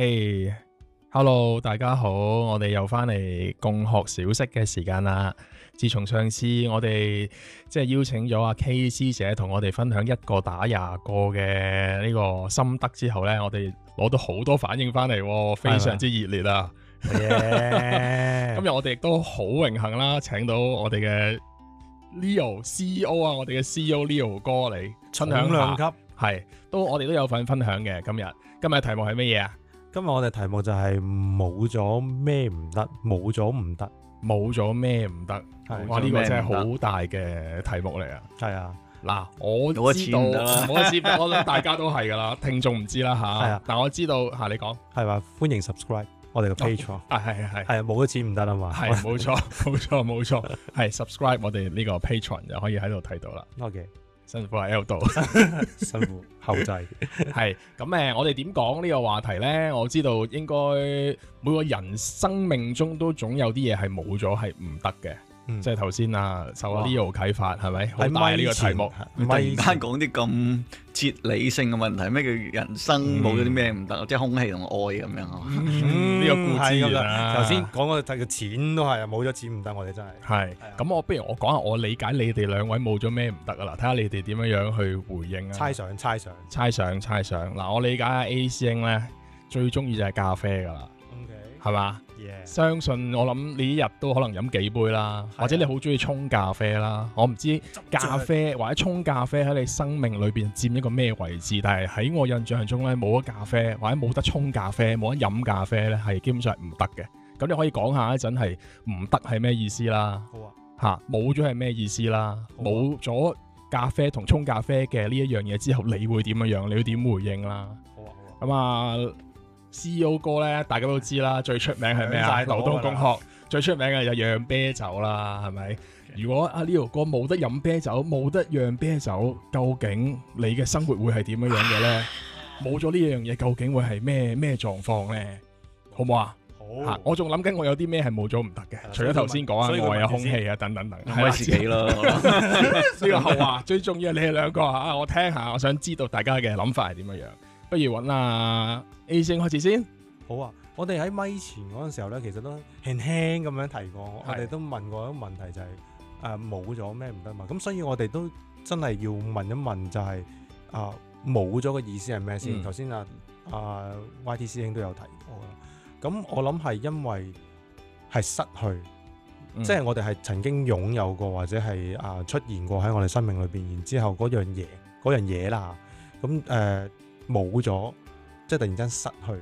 hey, hello 大家好，我哋又翻嚟共學小息嘅時間啦。自從上次我哋即係邀請咗阿 K 師姐同我哋分享一個打廿個嘅呢個心得之後呢，我哋攞到好多反應翻嚟，非常之熱烈啊。是 yeah. 今日我哋亦都好榮幸啦，請到我哋嘅 Leo C E O、CEO、啊，我哋嘅 C E O Leo 哥嚟，分享兩級係都我哋都有份分享嘅。今日今日嘅題目係乜嘢啊？今日我哋題目就係冇咗咩唔得，冇咗唔得，冇咗咩唔得，哇！呢個真係好大嘅題目嚟啊！係啊，嗱，我知道冇咗錢，我諗大家都係噶啦，聽眾唔知啦吓。但我知道，吓你講係嘛，歡迎 subscribe 我哋嘅 Patreon，係係係係冇咗錢唔得啊嘛，係冇錯冇錯冇錯，係 subscribe 我哋呢個 Patreon 就可以喺度睇到啦。OK。辛苦喺 L 度， 辛苦後製。係咁誒， 我哋點講呢個話題呢？我知道應該每個人生命中都總有啲嘢係冇咗，係唔得嘅。即係頭先啊，受 Leo 啟發係咪？好賣呢個題目，突然間講啲咁哲理性嘅問題，咩叫人生冇咗啲咩唔得？嗯、即係空氣同愛咁樣呢嘛。故事、嗯，咁頭先講嗰個睇、啊、錢都係冇咗錢唔得，我哋真係。係是。咁的我，的我不如我講下我理解你哋兩位冇咗咩唔得啊？嗱，睇下你哋點樣樣去回應啊。猜想，猜想，猜想，猜想。嗱，我理解下 A 師兄咧，最中意就係咖啡噶啦。係嘛？是 Yeah. 相信我諗你這一日都可能飲幾杯啦，啊、或者你好中意沖咖啡啦。我唔知咖啡或者沖咖啡喺你生命裏邊占一個咩位置，但係喺我印象中呢，冇咗咖啡或者冇得沖咖啡，冇得飲咖、咖啡呢係基本上唔得嘅。咁你可以講下一陣，係唔得係咩意思啦？吓、啊，冇咗係咩意思啦？冇咗，啊、咖啡同沖咖啡嘅呢一樣嘢之後，你會點樣？你會點回應啦？好啊，好啊，咁啊。CEO 哥咧，大家都知啦，最出名係咩啊？流動共學最出名嘅就釀啤酒啦，係咪？如果阿 Leo 哥冇得飲啤酒，冇得釀啤酒，究竟你嘅生活會係點樣樣嘅咧？冇咗呢樣嘢，究竟會係咩咩狀況咧？好唔好啊？好，我仲諗緊我有啲咩係冇咗唔得嘅，除咗頭先講啊，外有空氣啊，等等等，係自己咯。呢個後話，最重要係你哋兩個啊，我聽下，我想知道大家嘅諗法係點樣樣。不如揾啊，A 星開始先好啊！我哋喺咪前嗰陣時候咧，其實都輕輕咁樣提過，我哋都問過一個問題，就係誒冇咗咩唔得嘛？咁所以我哋都真係要問一問，就係啊冇咗嘅意思係咩先？頭先啊啊 Y T 師兄都有提過啦。咁我諗係因為係失去，即係我哋係曾經擁有過或者係啊出現過喺我哋生命裏邊，然之後嗰樣嘢嗰樣嘢啦，咁誒。冇咗，即係突然間失去，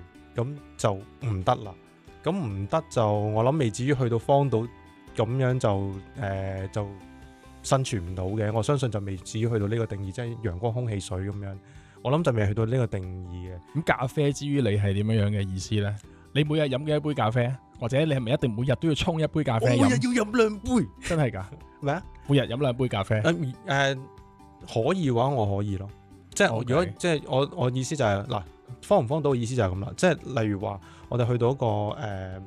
咁就唔得啦。咁唔得就我諗未至於去到荒島咁樣就誒就生存唔到嘅。我相信就未至於去到呢個定義，即係陽光空氣水咁樣。我諗就未去到呢個定義嘅。咁咖啡之於你係點樣樣嘅意思呢？你每日飲幾杯咖啡，或者你係咪一定每日都要沖一杯咖啡？每日要飲兩杯，真係噶咩？每日飲兩杯咖啡誒誒，可以嘅話我可以咯。即係我如果 Okay. 即係我我意思就係、是、嗱，方唔方到意思就係咁啦。即係例如話，我哋去到一個誒誒、呃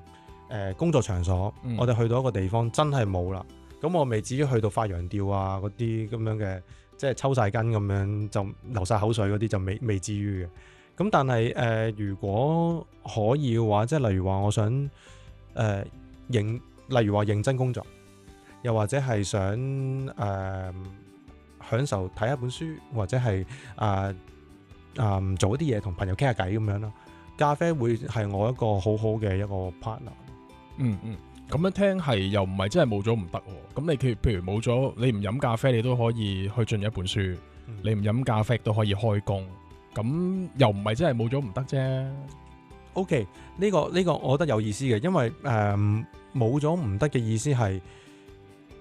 呃、工作場所，嗯、我哋去到一個地方真係冇啦。咁我未至於去到發羊吊啊嗰啲咁樣嘅，即係抽晒筋咁樣就流晒口水嗰啲就未未至於嘅。咁但係誒、呃，如果可以嘅話，即係例如話，我想誒、呃、認，例如話認真工作，又或者係想誒。呃享受睇一本書，或者係啊啊，做一啲嘢同朋友傾下偈咁樣咯。咖啡會係我一個好好嘅一個 partner。嗯嗯，咁樣聽係又唔係真係冇咗唔得喎。咁你譬如譬如冇咗，你唔飲咖啡你都可以去進入一本書。你唔飲咖啡都可以開工。咁又唔係真係冇咗唔得啫。OK，呢個呢個我覺得有意思嘅，因為誒冇咗唔得嘅意思係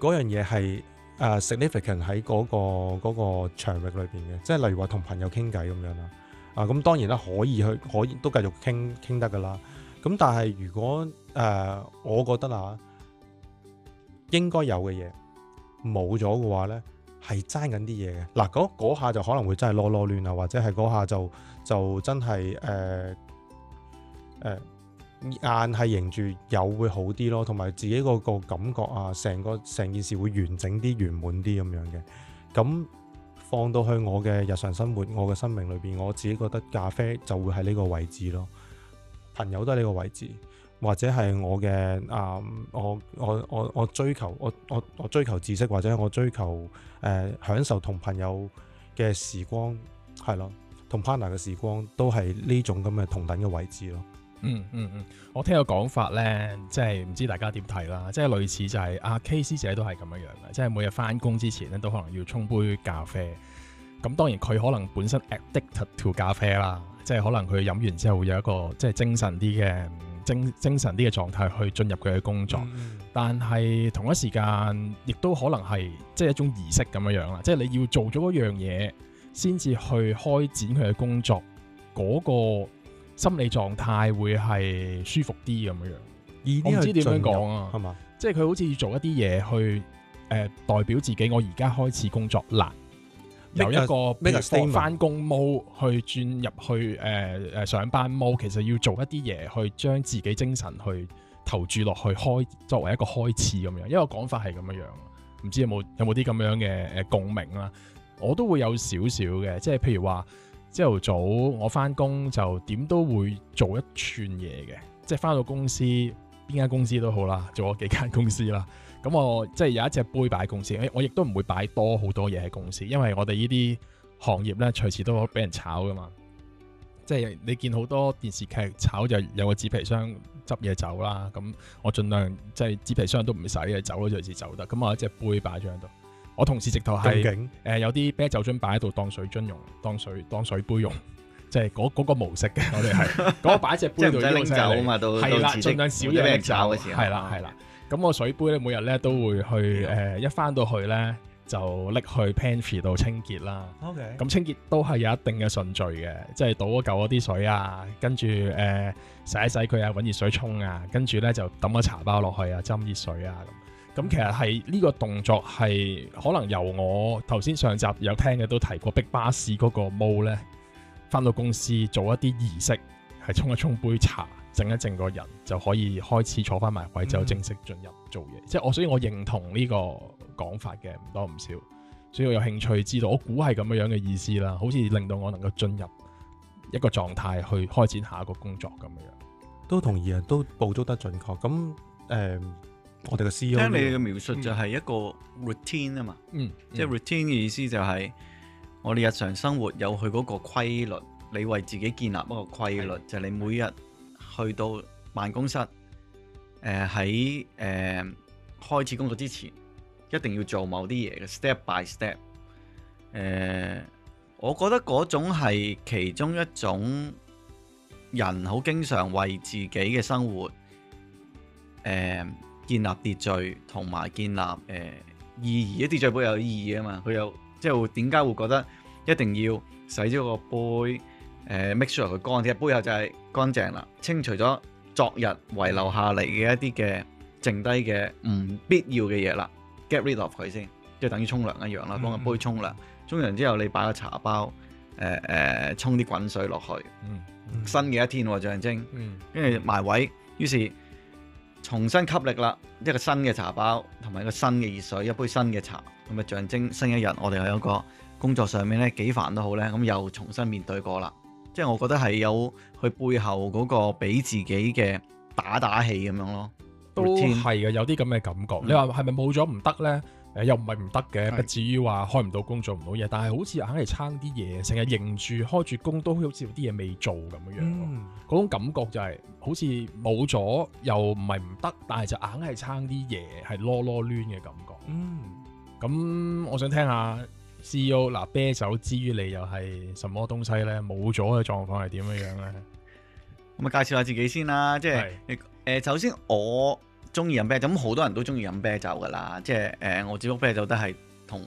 嗰樣嘢係。誒、uh, significant 喺嗰、那個嗰、那個、場域裏邊嘅，即係例如話同朋友傾偈咁樣啦。啊，咁當然啦，可以去可以都繼續傾傾得㗎啦。咁但係如果誒、呃，我覺得嚇、啊、應該有嘅嘢冇咗嘅話呢，係爭緊啲嘢嘅。嗱、啊，嗰下就可能會真係囉囉亂啊，或者係嗰下就就真係誒誒。呃呃硬係迎住有會好啲咯，同埋自己個個感覺啊，成個成件事會完整啲、圓滿啲咁樣嘅。咁放到去我嘅日常生活、我嘅生命裏邊，我自己覺得咖啡就會喺呢個位置咯。朋友都喺呢個位置，或者係我嘅啊、呃，我我我我追求我我我追求知識，或者我追求誒、呃、享受同朋友嘅時光，係咯，同 partner 嘅時光都係呢種咁嘅同等嘅位置咯。嗯嗯嗯，我聽個講法咧，即係唔知大家點睇啦，即係類似就係、是、阿、啊、K 師姐都係咁樣樣嘅，即係每日返工之前咧都可能要沖杯咖啡。咁當然佢可能本身 addicted to 咖啡啦，即係可能佢飲完之後會有一個即係精神啲嘅精精神啲嘅狀態去進入佢嘅工作，嗯、但係同一時間亦都可能係即係一種儀式咁樣樣啦，即係你要做咗一樣嘢先至去開展佢嘅工作嗰、那個。心理狀態會係舒服啲咁樣，而唔知點樣講啊？係嘛吧？即係佢好似要做一啲嘢去誒、呃、代表自己，我而家開始工作啦。由一個翻工毛去轉入去誒誒、呃呃、上班毛，其實要做一啲嘢去將自己精神去投注落去開作為一個開始咁樣。因為我講法係咁樣樣，唔知有冇有冇啲咁樣嘅誒共鳴啦？我都會有少少嘅，即係譬如話。朝頭早我翻工就點都會做一串嘢嘅，即係翻到公司邊間公司都好啦，做咗幾間公司啦。咁我即係有一隻杯擺喺公司，我亦都唔會擺多好多嘢喺公司，因為我哋呢啲行業咧隨時都俾人炒噶嘛。即係你見好多電視劇炒就有個紙皮箱執嘢走啦。咁我盡量即係紙皮箱都唔使啊，走都隨時走得。咁我有一隻杯擺咗喺度。我同事直頭係，誒有啲啤酒樽擺喺度當水樽用，當水當水杯用，即係嗰嗰個模式嘅。 我哋係嗰個擺隻杯度拎走啊嘛，都係啦盡量少啲拎酒，係啦係啦。咁的我水杯咧每日咧都會去誒的、呃、一翻到去咧就拎去 pantry 度清潔啦。OK，咁的清潔都係有一定嘅順序嘅，即係倒一嚿嗰啲水啊，跟住誒洗一洗佢啊，搵熱水沖啊，跟住咧就抌個茶包落去啊，斟熱水啊咁。咁其實係呢、呢個動作係可能由我頭先上集有聽嘅都提過，逼巴士嗰個毛呢，翻到公司做一啲儀式，係沖一沖杯茶，靜一靜個人就可以開始坐翻埋位，就正式進入做嘢。嗯、即係我，所以我認同呢個講法嘅唔多唔少，所以我有興趣知道，我估係咁樣樣嘅意思啦，好似令到我能夠進入一個狀態去開展下一個工作咁樣。都同意啊，都捕捉得準確。咁誒。呃我哋嘅 C.O. 聽你嘅描述就係一個 routine 啊、嗯、嘛、就係嗯，嗯，即係 routine 嘅意思就係我哋日常生活有佢嗰個規律，你為自己建立一個規律，的就係你每日去到辦公室，喺、呃、誒、呃、開始工作之前一定要做某啲嘢嘅 step by step。誒、呃，我覺得嗰種係其中一種人好經常為自己嘅生活誒。呃建立秩序同埋建立誒、呃、意義，一啲秩序有意義啊嘛！佢又即係點解會覺得一定要洗咗個杯 make sure 佢、呃、乾啲，杯又就係乾淨啦，清除咗昨日遺留下嚟嘅一啲嘅剩低嘅唔必要嘅嘢啦，get rid of 佢先，即係等於沖涼一樣啦，幫個、嗯、杯沖涼。沖涼之後，你擺個茶包誒、呃呃、沖啲滾水落去，嗯、新嘅一天喎、啊，象徵，嗯，跟住埋位，於是。重新吸力啦，一個新嘅茶包同埋一個新嘅熱水，一杯新嘅茶，同埋象徵新一日。我哋又有一個工作上面呢，幾煩都好呢。咁又重新面對過啦。即係我覺得係有佢背後嗰個俾自己嘅打打氣咁樣咯。都係嘅，有啲咁嘅感覺。嗯、你話係咪冇咗唔得呢？誒又唔係唔得嘅，是不至於話開唔到工做唔到嘢，但係好似硬係撐啲嘢，成日迎住開住工，都好似有啲嘢未做咁樣樣。嗰、嗯、種感覺就係、是、好似冇咗，又唔係唔得，但係就硬係撐啲嘢，係囉囉攣嘅感覺。嗯，咁我想聽下 C.E.O. 嗱啤酒之於你又係什麼東西咧？冇咗嘅狀況係點樣樣咧？咁啊 介紹下自己先啦，即係你誒首先我。鍾意飲啤酒，咁、嗯，好多人都鍾意飲啤酒㗎喇。即係誒、呃，我接觸啤酒都係同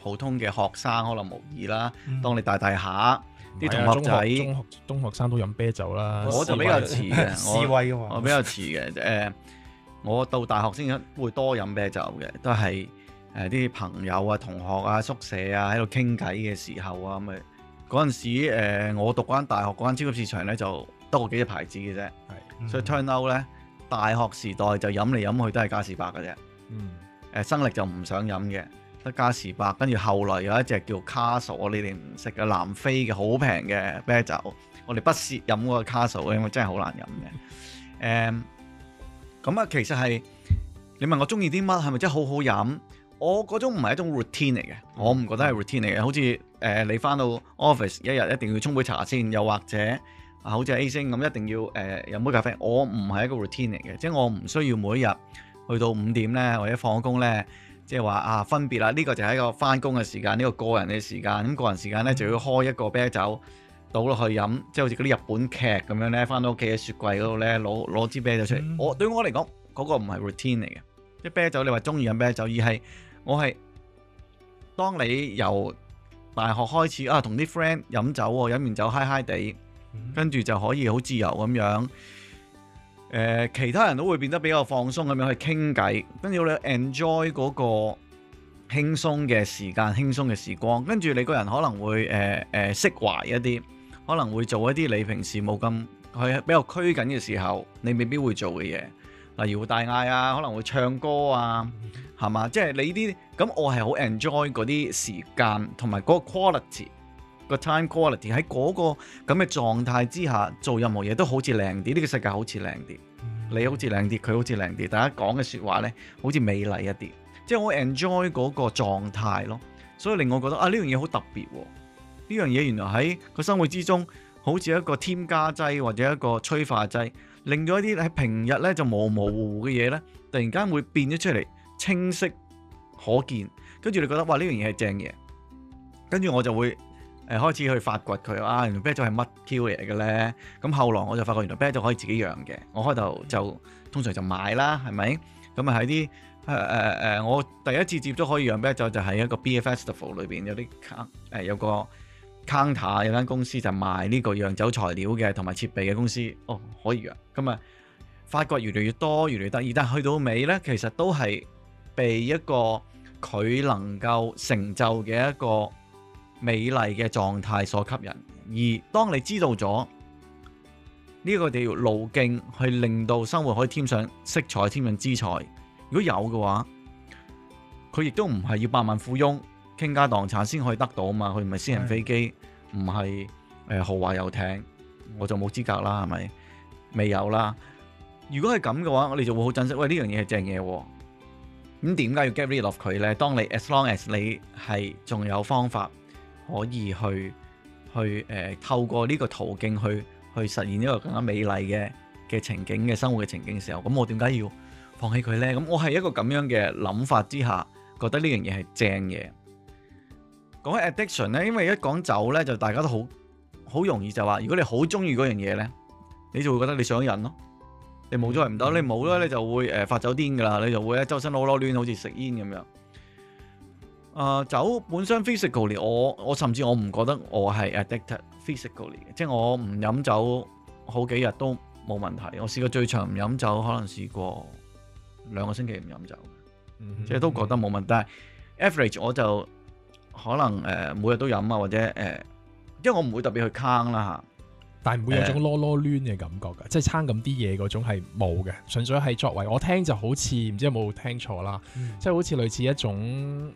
普通嘅學生可能無異啦。嗯、當你大大下啲是同學仔，中學中學，中學生都飲啤酒啦。我就比較遲嘅，我比較遲嘅誒、 呃，我到大學先會多飲啤酒嘅，都係誒啲朋友啊、同學啊、宿舍啊喺度傾偈嘅時候啊，咁啊嗰陣時、呃、我讀緊大學嗰間超級市場咧，就得嗰幾隻牌子嘅啫，嗯、所以 turn out 咧。大學時代就飲嚟飲去都係加士伯嘅啫，誒、嗯、生力就唔想飲嘅，得加士伯。跟住後來有一隻叫卡索你哋唔識嘅南非嘅好平嘅啤酒，我哋不屑飲個卡索，因為真係好難飲嘅。誒咁啊，其實係你問我中意啲乜，係咪真係好好飲？我嗰種唔係一種 routine 嚟嘅，我唔覺得係 routine 嚟嘅，好似誒、呃、你返到 office 一日一定要沖杯茶先，又或者。好似 A 星咁，一定要誒飲、呃、杯咖啡。我唔係一個 routine 嚟嘅，即、就、係、是、我唔需要每一日去到五點咧，或者放工咧，即係話啊分別啦。呢、這個就係一個返工嘅時間，呢、這個個人嘅時間。咁、嗯、個人時間咧就要開一個啤酒倒落去飲，即係好似嗰啲日本劇咁樣咧，返到屋企嘅雪櫃嗰度咧攞攞支啤酒出嚟。嗯、我對我嚟講，嗰、那個唔係 routine 嚟嘅，即係啤酒你話鍾意飲啤酒，而係我係當你由大學開始啊，同啲 friend 飲酒喎，飲完酒，完酒嗨嗨地。跟住就可以好自由咁樣、呃，其他人都會變得比較放鬆咁樣去傾偈，跟住你 enjoy 嗰個輕鬆嘅時間、輕鬆嘅時光。跟住你個人可能會誒誒釋懷一啲，可能會做一啲你平時冇咁去比較拘緊嘅時候，你未必會做嘅嘢，例如會大嗌啊，可能會唱歌啊，係嘛？即係你啲咁，我係好 enjoy 嗰啲時間同埋嗰個 quality。個 time quality 喺嗰個咁嘅狀態之下做任何嘢都好似靚啲，呢個世界好似靚啲，你好似靚啲，佢好似靚啲，大家講嘅説話呢，好似美麗一啲，即係我 enjoy 嗰個狀態咯，所以令我覺得啊呢樣嘢好特別喎、啊，呢樣嘢原來喺個生活之中好似一個添加劑或者一個催化劑，令到一啲喺平日呢就模模糊糊嘅嘢呢，突然間會變咗出嚟清晰可見，跟住你覺得哇呢樣嘢係正嘢，跟住我就會。誒開始去發掘佢啊，原來啤酒係乜料嚟嘅咧？咁後來我就發覺原來啤酒可以自己釀嘅。我開頭就通常就買啦，係咪？咁啊喺啲誒誒誒，我第一次接觸可以釀啤酒就係、是、一個 beer festival、er、裏邊有啲坑、呃、有個 counter 有間公司就賣呢個釀酒材料嘅同埋設備嘅公司。哦，可以釀咁啊，咁發掘越嚟越多，越嚟越得意。但係去到尾咧，其實都係被一個佢能夠成就嘅一個。美麗嘅狀態所吸引，而當你知道咗呢個條路徑，去令到生活可以添上色彩、添上姿彩。如果有嘅話，佢亦都唔係要百萬富翁傾家蕩產先可以得到啊嘛！佢唔係私人飛機，唔係誒豪華遊艇，我就冇資格啦，係咪？未有啦。如果係咁嘅話，我哋就會好珍惜。喂，呢樣嘢係正嘢喎。咁點解要 get rid of 佢呢？當你 as long as 你係仲有方法。可以去去誒、呃、透過呢個途徑去去實現一個更加美麗嘅嘅情景嘅生活嘅情景嘅時候，咁我點解要放棄佢呢？咁我係一個咁樣嘅諗法之下，覺得呢樣嘢係正嘅。講起 addiction 呢，因為一講酒呢，就大家都好好容易就話，如果你好中意嗰樣嘢呢，你就會覺得你上癮咯。你冇咗係唔得，嗯、你冇呢，你就會誒、呃、發酒癲㗎啦，你就會啊周身好囉攣，好似食煙咁樣。誒、uh, 酒本身 physically 我我甚至我唔覺得我係 addicted physically 嘅，即係我唔飲酒好幾日都冇問題。我試過最長唔飲酒，可能試過兩個星期唔飲酒，嗯、哼哼即係都覺得冇問題。但係 average 我就可能誒、呃、每日都飲啊，或者誒，因、呃、為我唔會特別去坑啦嚇。但係唔會有種囉囉攣嘅感覺㗎、呃，即係撐咁啲嘢嗰種係冇嘅，純粹係作為我聽就好似唔知有冇聽錯啦，即係、嗯、好似類似一種。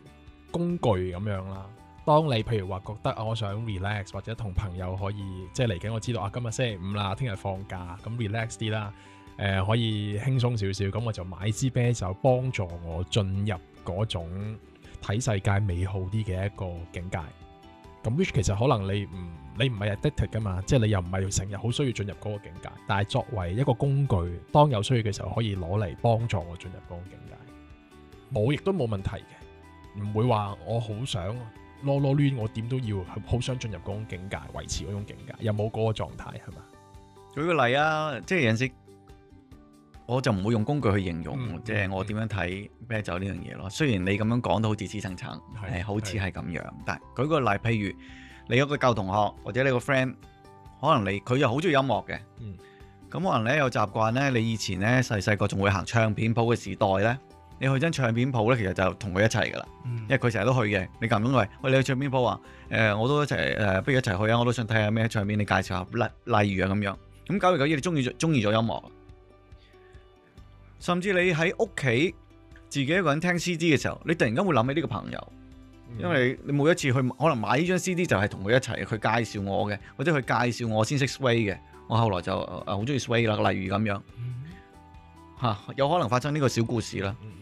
工具咁樣啦，當你譬如話覺得、啊、我想 relax 或者同朋友可以即係嚟緊，我知道啊，今日星期五啦，聽日放假咁 relax 啲啦、呃，可以輕鬆少少，咁我就買支啤酒幫助我進入嗰種睇世界美好啲嘅一個境界。咁 which 其實可能你唔你唔係 addicted 噶嘛，即係你又唔係成日好需要進入嗰個境界。但係作為一個工具，當有需要嘅時候可以攞嚟幫助我進入嗰個境界，冇亦都冇問題嘅。唔會話我好想囉囉攣，我點都要好想進入嗰種境界，維持嗰種境界，又冇嗰個狀態，係嘛？舉個例啊，即係有陣時我就唔會用工具去形容，嗯、即係我點樣睇啤酒呢樣嘢咯。嗯、雖然你咁樣講都好似資生慘，是好似係咁樣，是但係舉個例，是譬如你有個舊同學或者你個 friend，可能你佢又好中意音樂嘅，咁、嗯、可能你有習慣咧，你以前咧細細個仲會行唱片鋪嘅時代咧。你去張唱片鋪咧，其實就同佢一齊噶啦，嗯、因為佢成日都去嘅。你咁講佢，喂，你去唱片鋪話，誒、呃，我都一齊，誒、呃，不如一齊去啊！我都想睇下咩唱片，你介紹下。例例如啊，咁樣，咁九月九日，你中意中意咗音樂，甚至你喺屋企自己一個人聽 CD 嘅時候，你突然間會諗起呢個朋友，嗯、因為你每一次去可能買呢張 CD 就係同佢一齊，佢介紹我嘅，或者佢介紹我先識 Sway 嘅，我後來就好中意 Sway 啦。例如咁樣，嚇、嗯啊，有可能發生呢個小故事啦。嗯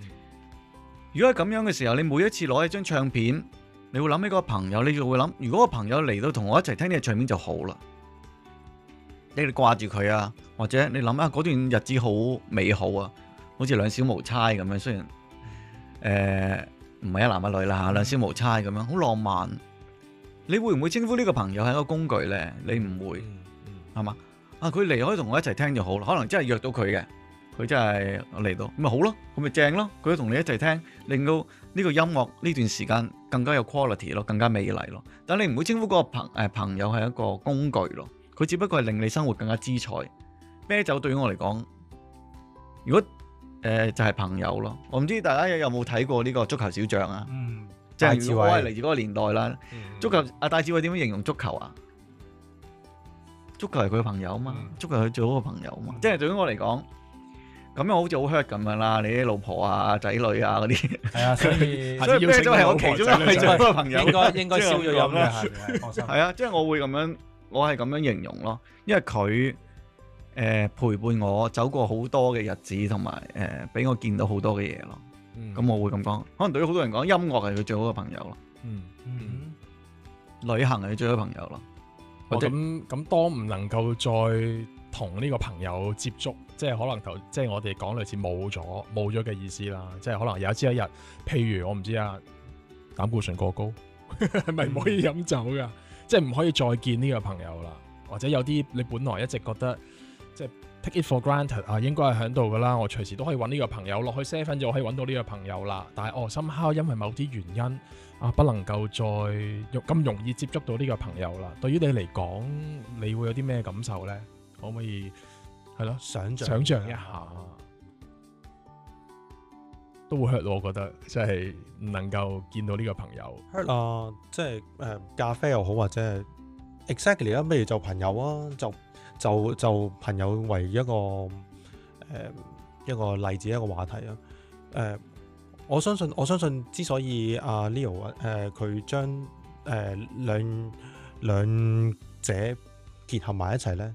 如果係咁樣嘅時候，你每一次攞一張唱片，你會諗起個朋友，你就會諗，如果個朋友嚟到同我一齊聽呢個唱片就好啦。你掛住佢啊，或者你諗下嗰段日子好美好啊，好似兩小無猜咁樣，雖然誒唔係一男一女啦吓，兩小無猜咁樣，好浪漫。你會唔會稱呼呢個朋友係一個工具呢？你唔會係嘛，嗯嗯？啊，佢嚟可以同我一齊聽就好啦，可能真係約到佢嘅。佢真係嚟到，咁咪好咯，咁咪正咯。佢同你一齊聽，令到呢個音樂呢段時間更加有 quality 咯，更加美麗咯。但係你唔會稱呼嗰個朋誒、欸、朋友係一個工具咯，佢只不過係令你生活更加姿彩。啤酒對於我嚟講，如果誒、欸、就係、是、朋友咯。我唔知大家有冇睇過呢個足球小將啊？嗯，即係我係嚟自嗰個年代啦。嗯、足球阿戴志偉點樣形容足球啊？足球係佢嘅朋友啊嘛，嗯、足球係佢最好嘅朋友啊嘛。即係、嗯、對於我嚟講。咁樣好似好 hurt 咁樣啦，你啲老婆啊、仔女啊嗰啲，係啊，所以咩都係我其中一個最好朋友，應該應該消咗音啦，係 啊，即係我會咁樣，我係咁樣形容咯，因為佢誒、呃、陪伴我走過好多嘅日子，同埋誒俾我見到好多嘅嘢咯。咁、嗯、我會咁講，可能對於好多人講，音樂係佢最好嘅朋友咯。嗯嗯嗯、旅行係佢最好朋友咯。哦、或咁咁多唔能夠再同呢個朋友接觸。即係可能頭，即係我哋講類似冇咗冇咗嘅意思啦。即係可能有一朝一日，譬如我唔知啊，膽固醇過高，咪 唔可以飲酒㗎，即係唔可以再見呢個朋友啦。或者有啲你本來一直覺得即係、就是、take it for granted 啊，應該係喺度㗎啦，我隨時都可以搵呢個朋友落去 seven 就我可以搵到呢個朋友啦。但係哦，somehow 因為某啲原因啊，不能夠再咁容易接觸到呢個朋友啦。對於你嚟講，你會有啲咩感受咧？可唔可以？係咯，想象一下，都會 hurt 我覺得，即、就、係、是、唔能夠見到呢個朋友 hurt 啊，即係誒咖啡又好，或者係 exactly 啊，不如就朋友啊，就就就朋友為一個誒、呃、一個例子一個話題啊，誒、呃，我相信我相信之所以阿、啊、Leo 誒、呃、佢將誒、呃、兩兩者結合埋一齊咧。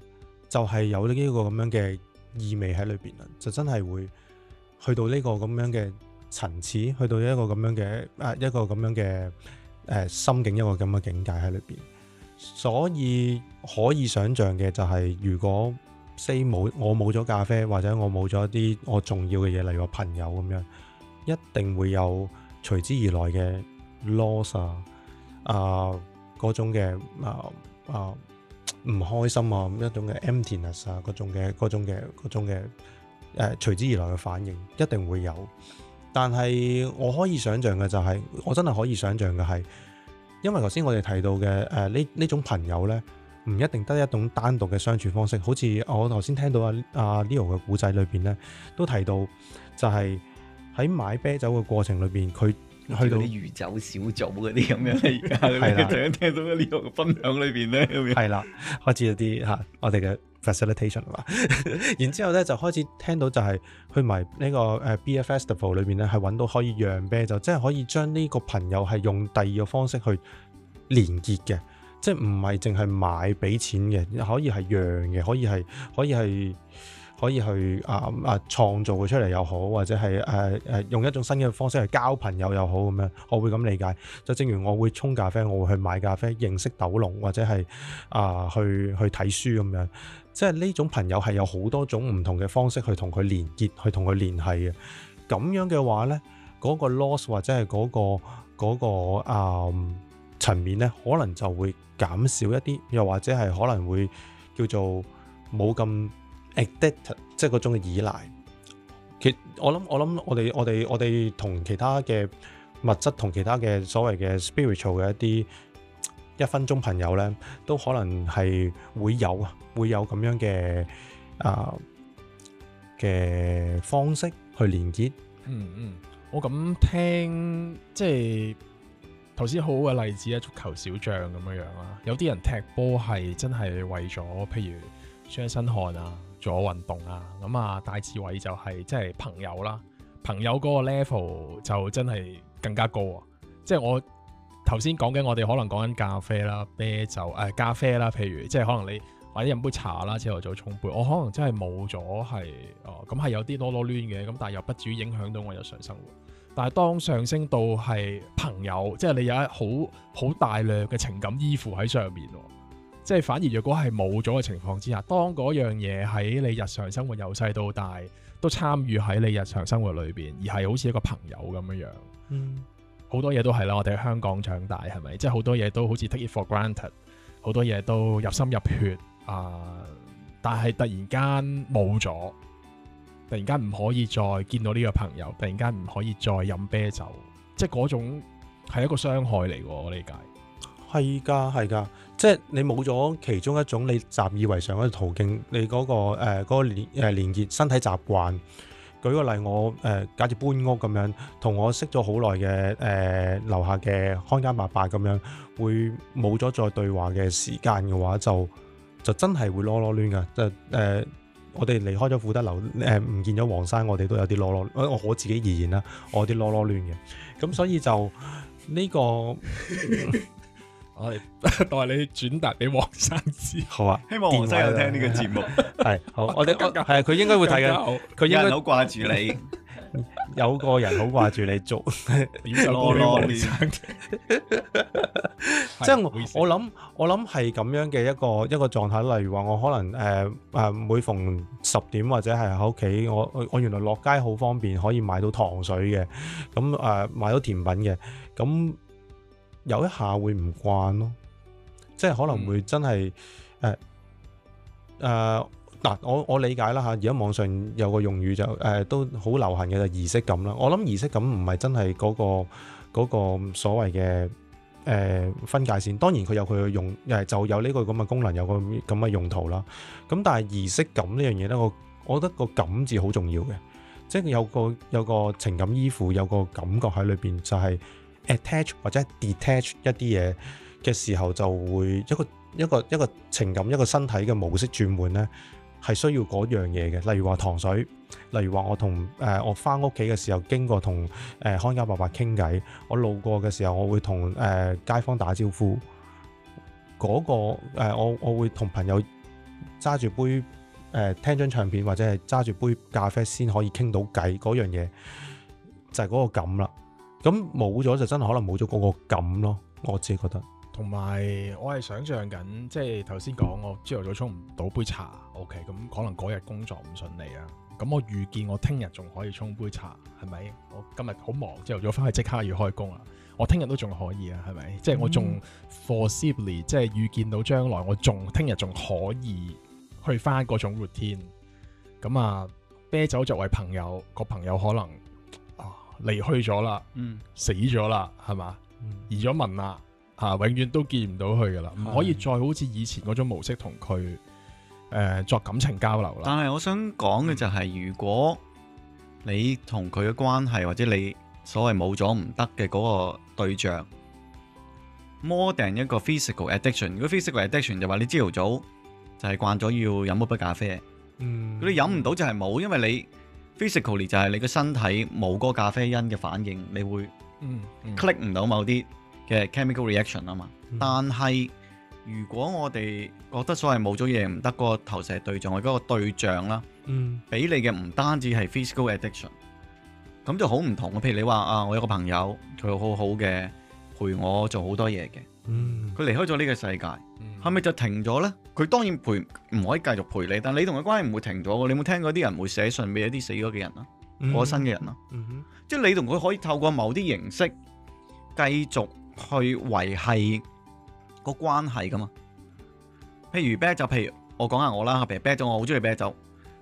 就係有呢個咁樣嘅意味喺裏邊啦，就真係會去到呢個咁樣嘅層次，去到一個咁樣嘅啊一個咁樣嘅誒、呃、心境一個咁嘅境界喺裏邊。所以可以想像嘅就係、是，如果話冇我冇咗咖啡，或者我冇咗啲我重要嘅嘢，例如我朋友咁樣，一定會有隨之而來嘅 loss 啊嗰種嘅啊啊。啊唔開心啊！咁一種嘅 emptiness 啊，嗰種嘅嗰種嘅嗰種嘅誒，隨之而來嘅反應一定會有。但係我可以想像嘅就係，我真係可以想像嘅係，因為頭先我哋提到嘅誒呢呢種朋友咧，唔一定得一種單獨嘅相處方式。好似我頭先聽到阿阿 Leo 嘅故仔裏邊咧，都提到就係喺買啤酒嘅過程裏邊，佢。去到啲魚酒小組嗰啲咁樣啦，而家就聽到呢個分享裏邊咧，係啦，開始有啲吓、 啊，我哋嘅 facilitation 啦。 然之後咧就開始聽到就係、是、去埋、er、呢個誒 beer festival 裏邊咧，係揾到可以讓啤酒，就即、是、係可以將呢個朋友係用第二個方式去連結嘅，即係唔係淨係買俾錢嘅，可以係讓嘅，可以係可以係。可以去啊，啊創造佢出嚟又好，或者係誒誒用一種新嘅方式去交朋友又好咁樣。我會咁理解就，正如我會沖咖啡，我會去買咖啡，認識斗龍，或者係啊去去睇書咁樣。即係呢種朋友係有好多種唔同嘅方式去同佢連結，去同佢聯繫嘅。咁樣嘅話呢，嗰個 loss 或者係嗰個嗰個啊層面呢，可能就會減少一啲，又或者係可能會叫做冇咁。Addicted 即係嗰種嘅依賴，其我諗我諗我哋我哋我哋同其他嘅物質，同其他嘅所謂嘅 spiritual 嘅一啲一分鐘朋友呢，都可能係會有啊，會有咁樣嘅啊嘅方式去連結。嗯嗯，我咁聽即係頭先好好嘅例子咧，足球小將咁樣樣啦，有啲人踢波係真係為咗譬如出一身汗啊。做運動啊，咁啊大智慧就係、係、即係朋友啦，朋友嗰個 level 就真係更加高啊！即係我頭先講緊，我哋可能講緊咖啡啦、啤酒、呃、咖啡啦，譬如即係可能你或者飲杯茶啦之類做沖杯，我可能真係冇咗係咁係有啲囉囉攣嘅，咁、哦、但係又不至於影響到我日常生活。但係當上升到係朋友，即係你有一好好大量嘅情感依附喺上面，啊。即係反而若果係冇咗嘅情況之下，當嗰樣嘢喺你日常生活由細到大都參與喺你日常生活裏邊，而係好似一個朋友咁樣樣，嗯、好多嘢都係啦。我哋喺香港長大係咪？即係好多嘢都好似 take it for granted，好多嘢都入心入血啊、呃！但係突然間冇咗，突然間唔可以再見到呢個朋友，突然間唔可以再飲啤酒，即係嗰種係一個傷害嚟喎。我理解係㗎，係㗎。係㗎。即係你冇咗其中一種你習以為常嘅途徑，你嗰、那個誒嗰、呃那個、連誒連結身體習慣。舉個例，我誒、呃、假設搬屋咁樣，同我識咗好耐嘅樓下嘅看更伯伯咁樣，會冇咗再對話嘅時間嘅話，就就真係會囉囉攣㗎。就誒、呃，我哋離開咗富德樓，唔、呃、見咗黃生，我哋都有啲囉囉，我自己而言啦，我有啲囉囉攣嘅。咁所以就呢、這個。 我哋，代你轉達俾黃生知，好啊！希望黃生有聽呢個節目，係好，我哋係佢應該會睇緊，佢應該好掛住你，有個人好掛住你做，即係我我諗我諗係咁樣嘅一個一個狀態。例如話我可能誒誒，每逢十點或者係喺屋企，我我我原來落街好方便，可以買到糖水嘅，咁誒買到甜品嘅，咁。有一下會唔慣咯，即係可能會真係誒誒嗱，我我理解啦嚇。而家網上有個用語就誒都好流行嘅就儀式感啦。我諗儀式感唔係真係嗰、嗰個嗰個所謂嘅誒分界線。當然佢有佢嘅用誒，就有呢個咁嘅功能，有個咁嘅用途啦。咁但係儀式感呢樣嘢咧，我我覺得個感字好重要嘅，即係有個有個情感依附，有個感覺喺裏邊就係。attach 或者 detach 一啲嘢嘅時候，就會一個一個一個情感、一個身體嘅模式轉換呢，係需要嗰樣嘢嘅。例如話糖水，例如話我同誒、呃、我翻屋企嘅時候經過同誒康家伯伯傾偈，我路過嘅時候我會同誒、呃、街坊打招呼。嗰、嗰個、呃、我我會同朋友揸住杯誒、呃、聽張唱片，或者係揸住杯咖啡先可以傾到偈。嗰樣嘢就係、係、嗰個感啦。咁冇咗就真係可能冇咗嗰個感咯，我自己覺得。同埋我係想象緊，即係頭先講我朝頭早沖唔到杯茶，OK，咁可能嗰日工作唔順利啊。咁我預見我聽日仲可以沖杯茶，係咪？我今日好忙，朝頭早翻去即刻要開工啊。我聽日都仲可以啊，係咪？嗯、即係我仲 foreseeably，即係預見到將來我仲聽日仲可以去翻嗰種 routine。咁啊，啤酒作為朋友，個朋友可能。離去咗啦，嗯、死咗啦，係嘛？移咗民啦，吓、嗯啊、永遠都見唔到佢噶啦，唔、嗯、可以再好似以前嗰種模式同佢誒作感情交流啦。但係我想講嘅就係，如果你同佢嘅關係或者你所謂冇咗唔得嘅嗰個對象，more than 一個 physical addiction，如果 physical addiction 就話你朝頭早就係慣咗要飲一杯咖啡，嗯，如果你飲唔到就係冇，因為你。physically 就係你個身體冇嗰個咖啡因嘅反應，你會 click 唔到某啲嘅 chemical reaction 啊嘛、嗯。嗯、但係如果我哋覺得所謂冇咗嘢唔得嗰個投射對象，嗰、嗰個對象啦，俾、嗯、你嘅唔單止係 physical addiction，咁就好唔同啊。譬如你話啊，我有個朋友佢好好嘅。陪我做好多嘢嘅，佢、嗯、離開咗呢個世界，係咪、嗯、就停咗咧。佢當然陪唔可以繼續陪你，但你同佢關係唔會停咗。你有冇聽過啲人會寫信俾一啲死咗嘅人啊？嗯、過身嘅人啊？嗯嗯、即係你同佢可以透過某啲形式繼續去維繫個關係噶嘛？譬如啤酒，譬如我講下我啦，譬如啤酒，我好中意啤酒。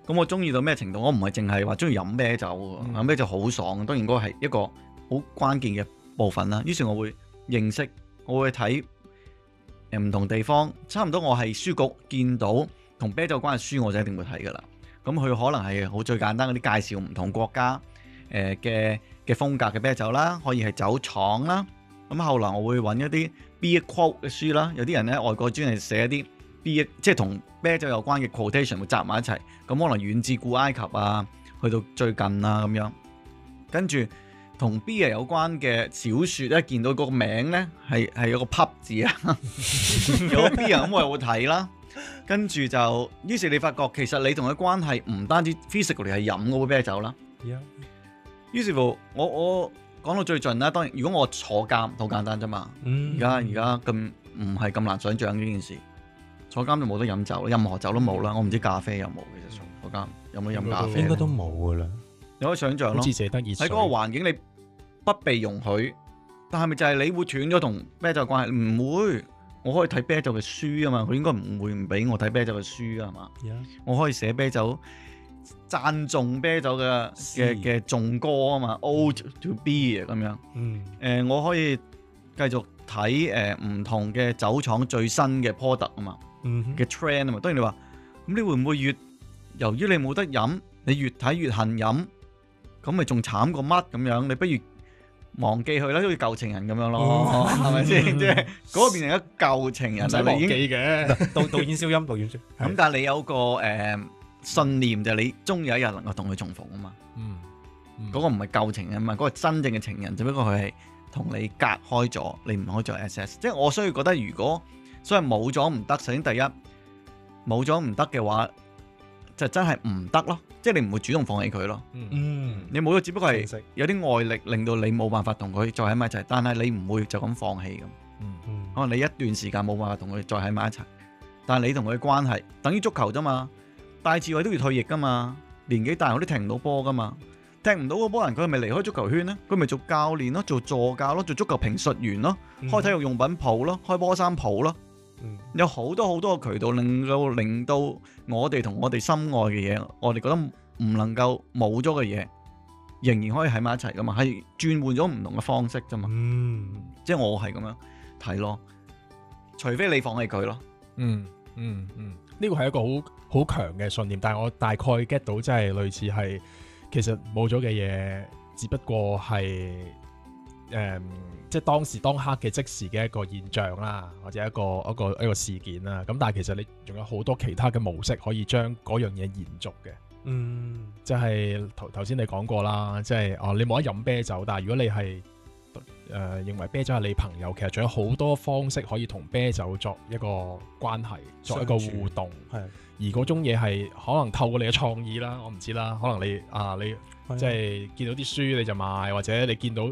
咁我中意到咩程度？我唔係淨係話中意飲啤酒，飲、嗯、啤酒好爽。當然嗰個係一個好關鍵嘅部分啦。於是，我會。認識，我會睇誒唔同地方，差唔多我係書局見到同啤酒有關嘅書，我就一定會睇噶啦。咁、嗯、佢可能係好最簡單嗰啲介紹唔同國家誒嘅嘅風格嘅啤酒啦，可以係酒廠啦。咁、嗯、後來我會揾一啲 beer quote 嘅書啦，有啲人呢，外國專係寫一啲 beer 即係同啤酒有關嘅 quotation 會集埋一齊。咁、嗯、可能遠至古埃及啊，去到最近啊咁樣，跟住。同 B 啊有關嘅小說咧，見到個名咧係係有個 pub 字啊，有個 B 啊咁我又會睇啦。跟住就於是你發覺其實你同佢關係唔單止 physically 係飲嗰杯啤酒啦。係 Yeah. 於是乎我我，我講到最盡啦，當然如果我坐監好簡單啫嘛。而家而家咁唔係咁難想像呢件事。坐監就冇得飲酒，任何酒都冇啦。我唔知咖啡有冇，其實坐監有冇飲咖啡？應該都冇㗎啦。你可以想像咯。好似淨係得熱水，喺嗰個環境你。不被容許，但係咪就係你會斷咗同啤酒關係？唔會，我可以睇啤酒嘅書啊嘛，佢應該唔會唔俾我睇啤酒嘅書啊嘛。Yeah. 我可以寫啤酒讚頌啤酒嘅嘅嘅頌歌啊嘛，Ode to be 咁樣。嗯、mm. 呃，我可以繼續睇誒唔同嘅酒廠最新嘅 product 啊嘛，嘅 trend 啊嘛。當然你話，咁你會唔會越由於你冇得飲，你越睇越恨飲，咁咪仲慘過乜咁樣？你不如，忘記佢啦，好似舊情人咁樣咯，係咪先？即係嗰個變成一舊情人，唔使忘記嘅。 導、導演消音、導演消音咁，但係你有個誒、呃、信念就係你終有一日能夠同佢重逢啊嘛，嗯。嗯，嗰個唔係舊情人啊嘛，嗰、嗰個真正嘅情人，只不過佢係同你隔開咗，你唔可以再 s s。即係我所以覺得，如果所謂冇咗唔得，首先第一冇咗唔得嘅話。就真係唔得咯，即係你唔會主動放棄佢咯。嗯，你冇咗，只不過係有啲外力令到你冇辦法同佢再喺埋一齊，但係你唔會就咁放棄咁。嗯嗯、可能你一段時間冇辦法同佢再喺埋一齊，但係你同佢嘅關係等於足球啫嘛，大智慧都要退役㗎嘛，年紀大我都踢唔到波㗎嘛，踢唔到嗰波人佢係咪離開足球圈呢？佢咪做教練咯，做助教咯，做足球評述員咯，嗯、開體育用品鋪咯，開波衫鋪咯。有好多好多嘅渠道令到令到我哋同我哋心愛嘅嘢，我哋覺得唔能夠冇咗嘅嘢，仍然可以喺埋一齊噶嘛，係轉換咗唔同嘅方式啫嘛。嗯，即係我係咁樣睇咯，除非你放棄佢咯。嗯嗯嗯，呢個係一個好好強嘅信念，但係我大概 get 到，即係類似係，其實冇咗嘅嘢，只不過係。誒、嗯，即係當時當刻嘅即時嘅一個現象啦，或者一個一個一個,一個事件啦。咁但係其實你仲有好多其他嘅模式可以將嗰樣嘢延續嘅。嗯，即係頭頭先你講過啦，即係哦，你冇得飲啤酒，但係如果你係誒、呃、認為啤酒係你朋友，其實仲有好多方式可以同啤酒作一個關係，作一個互動。係。而嗰種嘢係可能透過你嘅創意啦，我唔知啦。可能你啊，你即係的見到啲書你就買，或者你見到。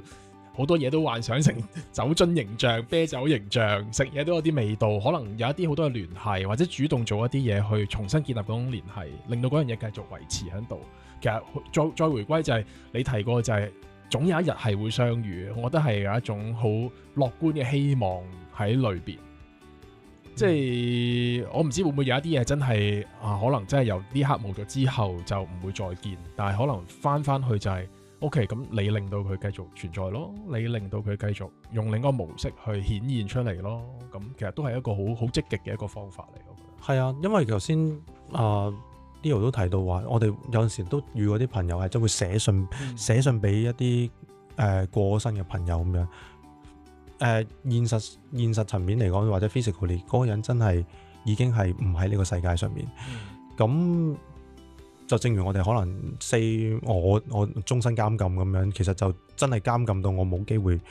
好多嘢都幻想成酒樽形象、啤酒形象，食嘢都有啲味道，可能有一啲好多嘅聯繫，或者主動做一啲嘢去重新建立嗰種聯繫，令到嗰樣嘢繼續維持喺度。其實再再回歸就係、是、你提過、就是，就係總有一日係會相遇，我覺得係有一種好樂觀嘅希望喺裏邊，嗯、即係我唔知會唔會有一啲嘢真係啊，可能真係由呢刻冇咗之後就唔會再見，但係可能翻翻去就係、是。O.K. 咁你令到佢繼續存在咯，你令到佢繼續用另一個模式去顯現出嚟咯。咁其實都係一個好好積極嘅一個方法嚟，我覺得。係啊，因為頭先啊 Leo 都提到話，我哋有陣時都遇過啲朋友係真會寫信、嗯、寫信俾一啲誒、呃、過身嘅朋友咁樣。誒、呃，現實現實層面嚟講，或者 physically 嗰個人真係已經係唔喺呢個世界上面咁。嗯就正如我哋可能 say 我我終身監禁咁樣，其實就真係監禁到我冇機會誒、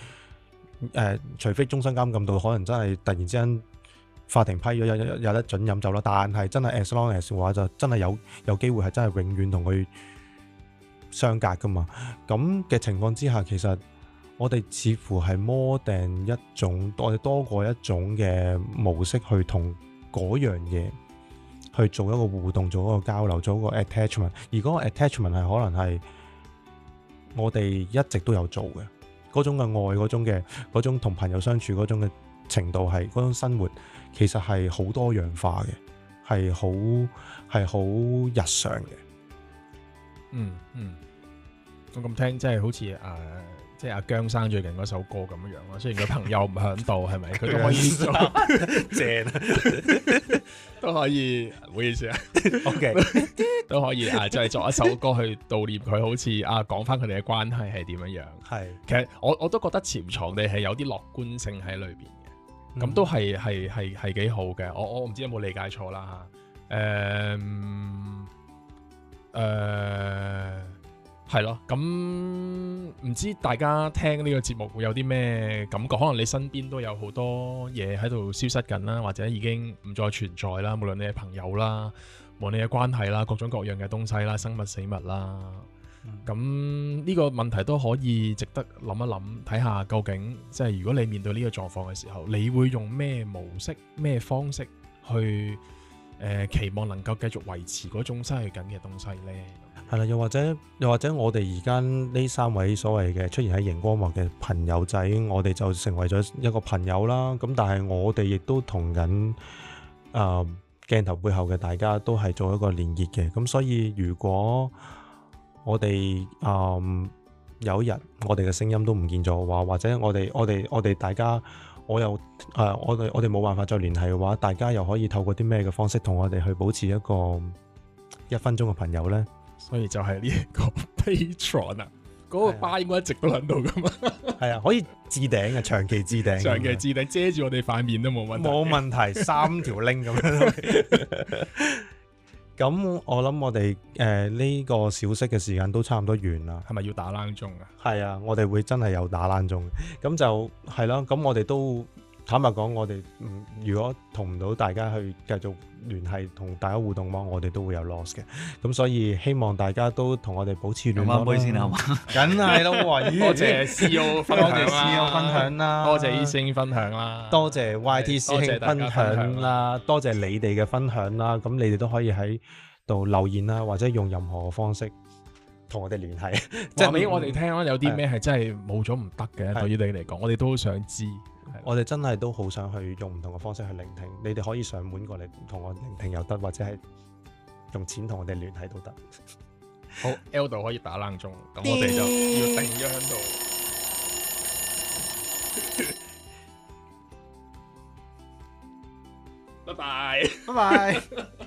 呃，除非終身監禁到，可能真係突然之間法庭批咗有有有得准飲酒啦。但係真係 as long as 嘅話就真係有有機會係真係永遠同佢相隔噶嘛。咁嘅情況之下，其實我哋似乎係係 more than 一種，我哋多過一種嘅模式去同嗰樣嘢。去做一個互動，做一個交流，做一個 attachment。而嗰個 attachment 係可能係我哋一直都有做嘅嗰種嘅愛，嗰種嘅嗰種同朋友相處嗰種嘅程度係嗰種生活，其實係好多樣化嘅，係好係好日常嘅。嗯，嗯嗯，我咁聽，真係好似誒。呃即係阿姜生最近嗰首歌咁樣樣咯，雖然佢朋友唔喺度，係咪佢都可以做正， 都可以，唔好意思啊，O K，都可以啊，即係作一首歌去悼念佢，好似啊講翻佢哋嘅關係係點樣樣，係是，其實我我都覺得潛藏地係有啲樂觀性喺裏邊嘅，咁都係係係係幾好嘅，我我唔知有冇理解錯啦，誒、啊，誒、嗯。啊係咯，咁唔知大家聽呢個節目會有啲咩感覺？可能你身邊都有好多嘢喺度消失緊啦，或者已經唔再存在啦。無論你嘅朋友啦，無論你嘅關係啦，各種各樣嘅東西啦，生物死物啦，咁呢、嗯、個問題都可以值得諗一諗，睇下究竟即係如果你面對呢個狀況嘅時候，你會用咩模式、咩方式去、呃、期望能夠繼續維持嗰種失去緊嘅東西呢？係啦，又或者又或者，我哋而家呢三位所謂嘅出現喺熒光幕嘅朋友仔，我哋就成為咗一個朋友啦。咁但係我哋亦都同緊啊鏡頭背後嘅大家都係做一個連結嘅。咁所以如果我哋啊、呃、有一日我哋嘅聲音都唔見咗嘅話，或者我哋我哋我哋大家我又誒、呃、我哋我哋冇辦法再聯繫嘅話，大家又可以透過啲咩嘅方式同我哋去保持一個一分鐘嘅朋友呢？所以就係呢一個 Patreon 啊，嗰、那個巴應該一直都揾到噶嘛，係啊，可以置頂啊，長期置頂，長期置頂遮住我哋塊面都冇乜，冇問題，三條 link 咁樣。咁 我諗我哋誒呢個小息嘅時間都差唔多完啦，係咪要打冷鐘啊？係啊，我哋會真係有打冷鐘，咁就係啦，咁、啊、我哋都。坦白講，我哋唔如果同唔到大家去繼續聯繫同大家互動嘅話，我哋都會有 loss 嘅。咁所以希望大家都同我哋保持聯繫先啦，好嗎？梗係啦，多謝師兄分享啦，多謝醫生分享啦，多謝 YT 師兄分享啦，多謝你哋嘅分享啦。咁你哋都可以喺度留言啦，或者用任何方式同我哋聯繫，即係俾我哋聽啦，有啲咩係真係冇咗唔得嘅，的對於你嚟講，我哋都好想知。的我哋真係都好想去用唔同嘅方式去聆聽，你哋可以上門過嚟同我聆聽又得，或者係用錢同我哋聯繫都得。好 l d 可以打冷鐘，咁我哋就要定咗喺度。拜拜，拜拜。